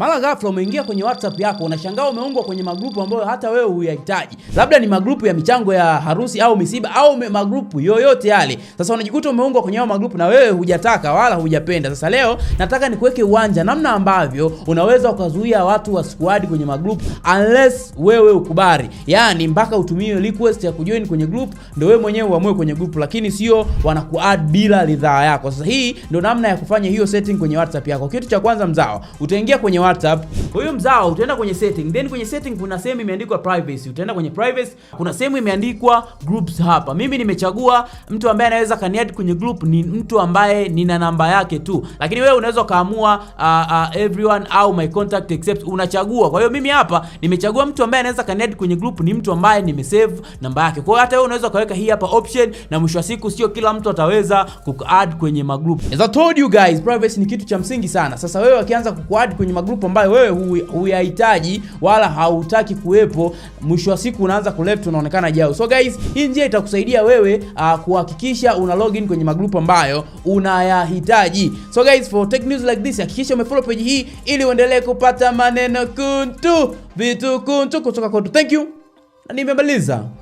Mara ghafla umeingia kwenye WhatsApp yako unashangaa umeungwa kwenye magrupu ambayo hata wewe huyahitaji, labda ni magrupu ya michango ya harusi au misiba au magrupu yoyote yale. Sasa unajikuta umeungwa kwenye hayo magrupu na wewe hujataka wala hujapenda. Sasa leo nataka nikuweke uwanja namna ambavyo unaweza ukazuia watu wasikuadi kwenye magrupu unless wewe ukubali, yani mpaka utumie request ya kujoin kwenye group ndio wewe mwenyewe uamue kwenye group, lakini sio wanakuad bila ridhaa yako. Sasa hii ndio namna ya kufanya hiyo setting kwenye WhatsApp yako. Kitu cha kwanza mzao, utaingia kwenye WhatsApp. Kwa hiyo mzao, utaenda kwenye setting, then kwenye setting kuna sehemu imeandikwa privacy. Utaenda kwenye privacy, kuna sehemu imeandikwa groups. Hapa mimi nimechagua mtu ambaye anaweza kaniad kwenye group ni mtu ambaye nina namba yake tu, lakini wewe unaweza ukaamua uh, uh, everyone au my contact except, unachagua. Kwa hiyo mimi hapa nimechagua mtu ambaye anaweza kaniad kwenye group ni mtu ambaye nimesave namba yake. Kwa hiyo hata wewe unaweza kaweka hii hapa option, na mwisho wa siku sio kila mtu ataweza kuadd kwenye magroup. As I told you guys, privacy ni kitu cha msingi sana. Sasa wewe wakianza kukuadd kwenye magroup group ambayo wewe huyahitaji wala hautaki kuwepo, mwisho wa siku unaanza kuleft, unaonekana jao. So guys, hii njia itakusaidia wewe uh, kuhakikisha una login kwenye magrupu ambayo unayahitaji. So guys, for tech news like this, hakikisha umefollow page hii ili uendelee kupata maneno kuntu vitu kuntu kutoka kwetu. Thank you, na nimemaliza.